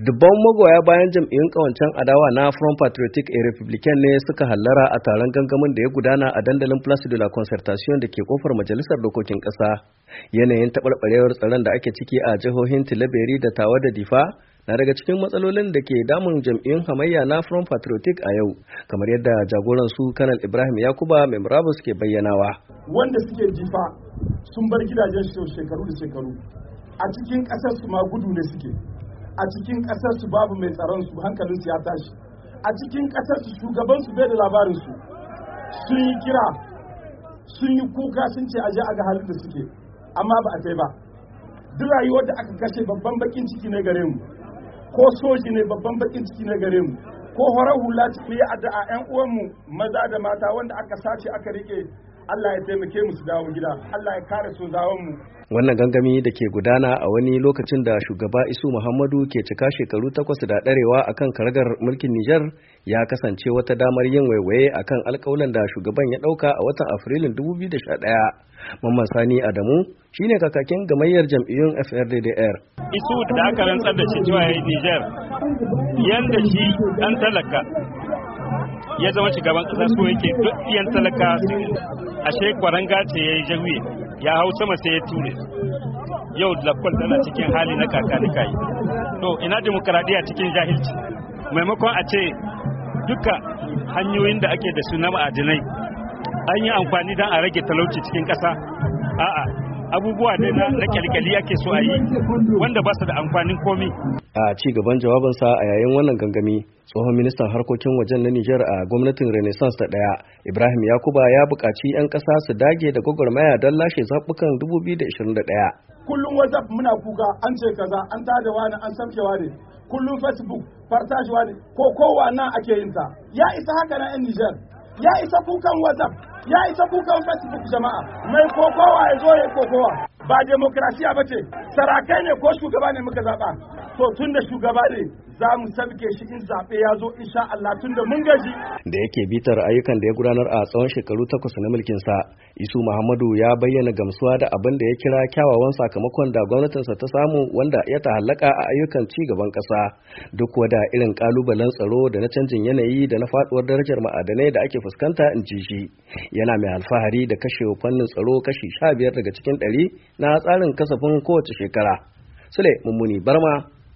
dubban magoya bayan jam'iyyun kawancen adawa na front patriotic a republican ne suka hallara a taron gangamin da ya gudana a dandalin place de la concertation da ke kofar majalisar dokokin Ƙasa. yanayin taɓarɓarewar tsaron da ake ciki a jihohin tilaberi da tawa da difa na daga cikin matsalolin da ke damun jam'iyyun hamayya na front patriotic a yau kamar yadda jagoran su kanal ibrahim yakuba mai ke bayyanawa wanda suke difa sun bar gidajen shekaru da shekaru a cikin ƙasar su ma gudu ne suke a cikin ƙasar su babu mai tsaron su hankalin su ya tashi a cikin ƙasar su shugaban su bai da labarin su sun yi kira sun yi kuka sun ce aje a ga halin da suke amma ba a kai ba duk rayuwar da aka kashe babban bakin ciki ne gare mu ko soji ne babban bakin ciki ne gare mu ko horar hula ce mu a addu'a 'yan uwanmu maza da mata wanda aka sace aka rike Allah ya taimake mu su dawo gida Allah ya kare su mu wannan gangami da ke gudana a wani lokacin da shugaba Isu Muhammadu ke cika shekaru takwas da darewa kan karagar mulkin Nijar ya kasance wata damar yin waiwaye kan alkawalan da shugaban ya ɗauka a watan Afrilun 2011 Mamman Sani Adamu shine kakakin gamayyar jam'iyyun FRDDR. Isu da aka rantsar da shi zuwa Nijar yadda shi an talaka ya zama shugaban kasa so yake duk yan talaka ashe kwaranga ce ya yi jawiye ya hau sama sai ya ture yau lafkwal tana cikin hali na kakanika yi to ina demokaradiyya cikin jahilci maimakon a ce duka hanyoyin da ake da su na ma'adinai an yi amfani don a rage talauci cikin ƙasa a'a abubuwa ne na kyalkyali ake so a yi wanda ba su da amfanin komi a ci gaban jawabansa a yayin wannan gangami tsohon ministan harkokin wajen na Nijar a gwamnatin Renaissance ta ɗaya Ibrahim Yakuba ya buƙaci 'yan ƙasa su dage da gwagwarmaya don lashe zaɓukan 2021. Kullum WhatsApp muna kuka an ce kaza an tada wani an samke wani kullum Facebook fartashi wani ko kowa na ake yin ta ya isa haka na 'yan Nijar ya isa kukan WhatsApp ya isa kukan facebook jama'a mai kokowa ya zo ya kokowa ba demokrasiya ba ce sarakai ne ko shugaba ne muka zaɓa to tun da shugaba ne za mu sabke shi in zaɓe ya zo insha Allah tun da mun gaji. Da yake bitar ayyukan da ya gudanar a tsawon shekaru takwas na mulkinsa, Isu Muhammadu ya bayyana gamsuwa da abin da ya kira kyawawan sakamakon da gwamnatinsa ta samu wanda ya ta'allaka a ayyukan ci gaban ƙasa. Duk wada irin ƙalubalen tsaro da na canjin yanayi da na faɗuwar darajar ma'adanai da ake fuskanta in ji shi. Yana mai alfahari da kashe fannin tsaro kashi sha biyar daga cikin ɗari na tsarin kasafin kowace shekara. Sule Mummuni Barma